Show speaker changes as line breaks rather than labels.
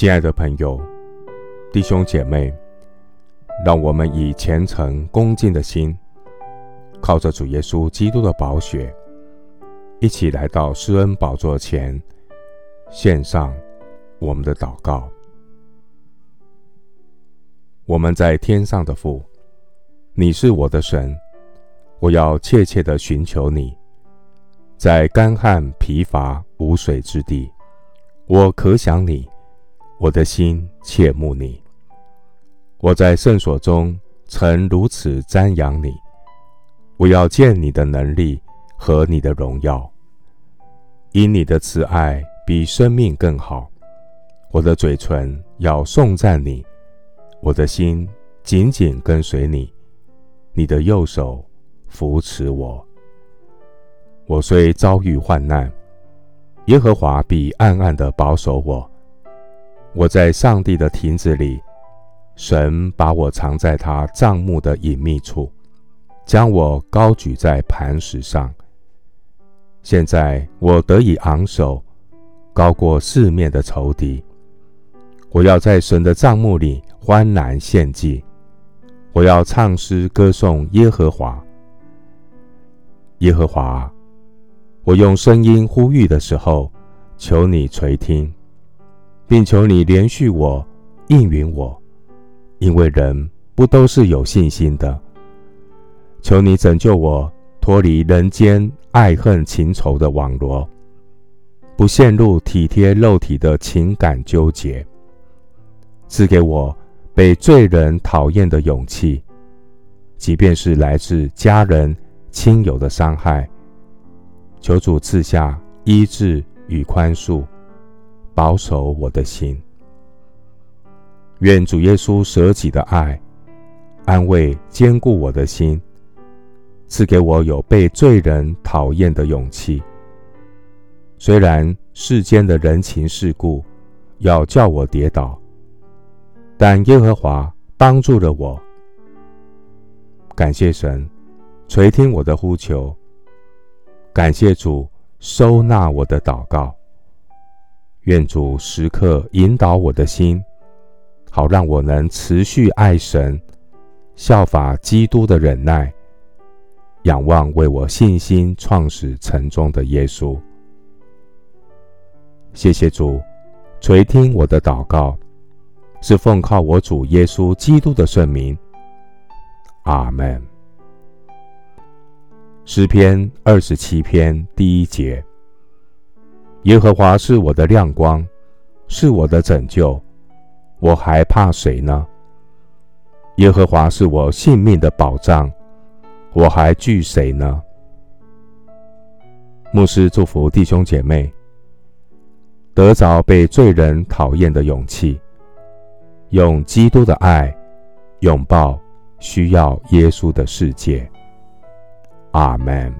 親愛的朋友、弟兄姐妹，讓我們以虔誠恭敬的心，靠着主耶穌基督的寶血，一起來到施恩寶座前，獻上我們的禱告。我們在天上的父，你是我的神，我要切切的尋求你。在乾旱疲乏無水之地，我渴想你。我的心切慕你，我在聖所中曾如此瞻仰你。我要見你的能力和你的榮耀，因你的慈愛比生命更好。我的嘴唇要頌讚你，我的心緊緊跟隨你，你的右手扶持我。我雖遭遇患難，耶和華必暗暗地保守我。我在上帝的亭子裡，神把我藏在他帳幕的隱秘處，將我高舉在磐石上。現在我得以昂首，高過四面的仇敵。我要在神的帳幕裡歡然獻祭，我要唱詩歌頌耶和華。耶和華，我用聲音呼籲的時候，求你垂聽。並求你連續我，應允我，因為人不都是有信心的。求你拯救我脫離人間愛恨情仇的網羅，不陷入體貼肉體的情感糾結，賜給我被罪人討厭的勇氣，即便是來自家人親友的傷害，求主賜下醫治與寬恕。保守我的心，願主耶穌捨己的愛，安慰堅固我的心，賜給我有被罪人討厭的勇氣。雖然世間的人情世故要叫我跌倒，但耶和華幫助了我。感謝神，垂聽我的呼求，感謝主，收納我的禱告。願主時刻引導我的心，好讓我能持續愛神，效法基督的忍耐，仰望為我信心創始成終的耶穌。謝謝主，垂聽我的禱告，是奉靠我主耶穌基督的聖名。阿門。詩篇二十七篇第一節。耶和華是我的亮光，是我的拯救，我還怕誰呢？耶和華是我性命的保障，我還懼誰呢？牧師祝福弟兄姐妹，得着被罪人討厭的勇氣，用基督的愛擁抱需要耶穌的世界。阿門。